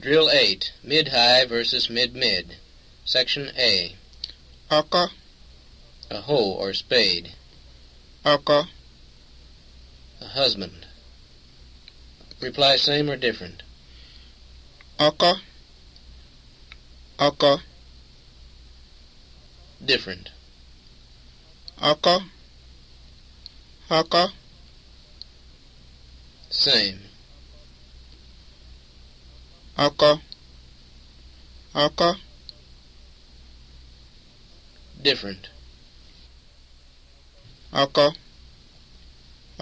Drill 8, Mid-High versus Mid-Mid. Section A. Aka. A hoe or spade. Aka. A husband. Reply same or different. Aka. Aka. Different. Aka. Aka. Same ọkọ ọkọ different ọkọ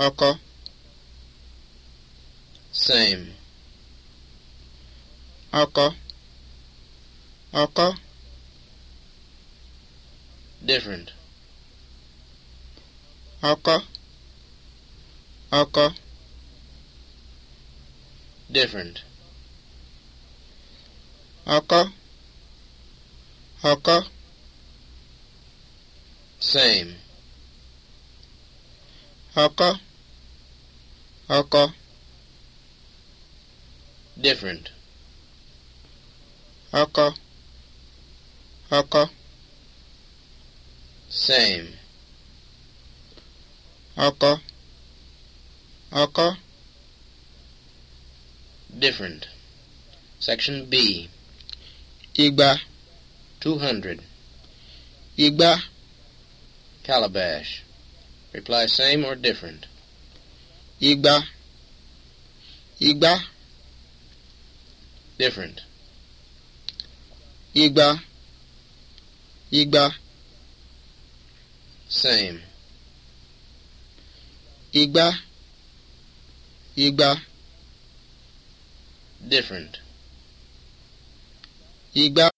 ọkọ same ọkọ ọkọ different ọkọ ọkọ different Haka. Haka. Same. Haka. Haka. Different. Haka. Haka. Same. Haka. Haka. Different. Section B. Igba, 200. Igba, calabash. Reply same or different. Igba, Igba, different. Igba, Igba, same. Igba, Igba, different ìgbà